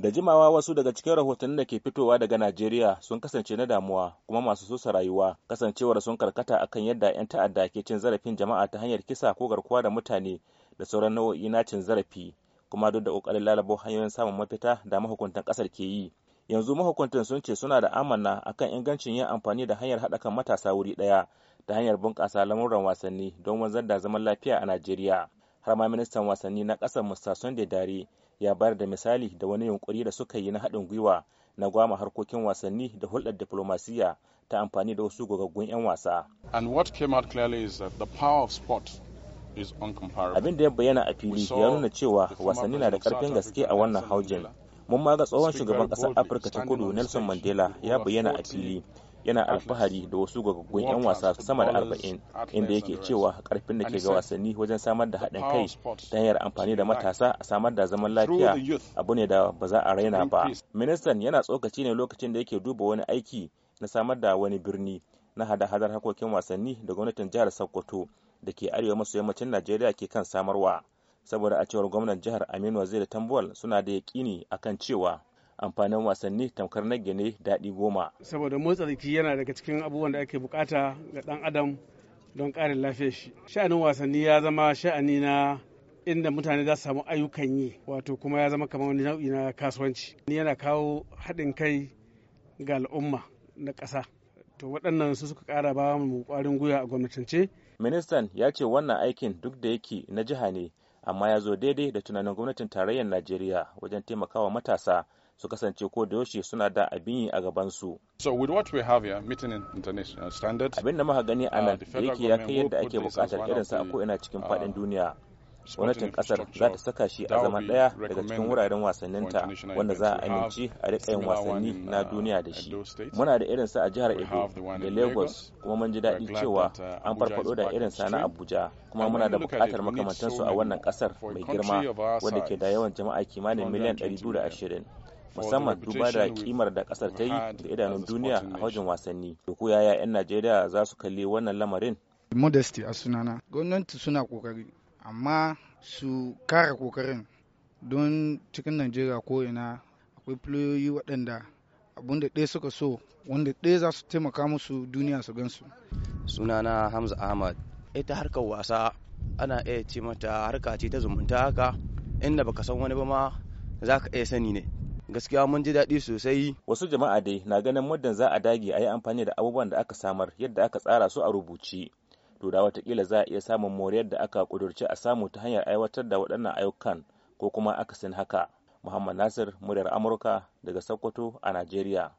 da jimawa wasu daga cikin rahotannin da ke fitowa daga najeriya sun kasance na damuwa kuma masu sosa rayuwa kasancewar sun karkata akan yadda 'yan ta'adda ke cin zarafin jama'a ta hanyar kisa ko garkuwa da mutane da sauran nau'o'i na cin zarafi kuma duk da kokarin lalabo hanyoyin samun mafita da mahukuntan kasar ke yi yanzu mahukuntan sun ce suna da amanna akan ingancin yin amfani da hanyar haɗa kan matasa wuri ɗaya ta hanyar bunƙasa lamuran wasanni don wanzar da zaman lafiya a najeriya har ma ministan wasanni na ƙasar Musa sunday dare ya bayar da misali da wani yunkuri da suka yi na haɗin gwiwa na gwama harkokin wasanni da hulɗar diplomasiyya ta amfani da wasu gogaggun 'yan wasa. And what came out clearly is that the power Abin da ya bayyana a fili ya nuna cewa wasanni na da ƙarfin gaske a wannan haujin. Mun ma ga tsohon shugaban ƙasar Afirka ta Kudu Nelson Mandela ya bayyana a fili yana alfahari da wasu gagaggun 'yan wasa sama da arba'in inda yake cewa karfin da ke ga wasanni wajen samar da haɗin kai ta hanyar amfani da matasa a samar da zaman lafiya abu ne da ba za a raina ba ministan yana tsokaci ne lokacin da yake duba wani aiki na samar da wani birni na hada-hadar harkokin wasanni da gwamnatin jihar sokoto da ke arewa maso yammacin najeriya ke kan samarwa saboda a cewar gwamnan jihar aminu da tambuwal suna da yaƙini akan cewa amfanin wasanni tamkar na gine daɗi goma saboda motsa jiki yana daga cikin abubuwan da ake bukata ga ɗan adam don ƙarin lafiyar shi sha'anin wasanni ya zama sha'ani na inda mutane za su samu ayyukan yi wato kuma ya zama kamar wani nau'i na kasuwanci yana kawo haɗin kai ga al'umma na ƙasa to waɗannan su suka ƙara ba mu ƙwarin gwiwa a gwamnatance ministan ya ce wannan aikin duk da yake na jiha ne amma ya zo daidai da tunanin gwamnatin tarayyar Najeriya wajen taimakawa matasa su kasance ko da yaushe suna da abin yi a gabansu. So we have here, meeting in abin da muka gani a nan uh, da yake ya kai yadda ake bukatar irinsa a ina cikin fadin uh, duniya. gwamnatin kasar za ta saka shi a zaman daya daga cikin wuraren wasanninta wanda za a amince a rika yin wasanni na uh, duniya da shi muna da irinsa a jihar edo da lagos kuma mun ji daɗi cewa uh, an farfado da irinsa na abuja kuma muna da buƙatar makamantansu a wannan kasar mai girma wanda ke da yawan jama'a kimanin miliyan 220 musamman duba da kimar da kasar ta yi da idanun duniya a hajjin wasanni da yaya 'yan najeriya za su kalli wannan lamarin modesty a sunana gwamnati suna kokari amma su kara kokarin don cikin najeriya ko ina akwai filoyoyi waɗanda abinda ɗaya suka so wanda ɗaya za su taimaka musu duniya su gansu sunana hamza ahmad ita harkar wasa ana iya ce mata harka ce ta zumunta haka inda baka san wani ba ma za ka iya sani ne gaskiya mun ji daɗi sosai wasu jama'a dai na ganin muddin za a dage a yi amfani da abubuwan da aka samar yadda aka tsara su a rubuce Turawa da watakila za a iya samun moriyar da aka kudurci a samu ta hanyar aiwatar da waɗannan ayyukan ko kuma akasin haka muhammad nasir muryar amurka daga sokoto a najeriya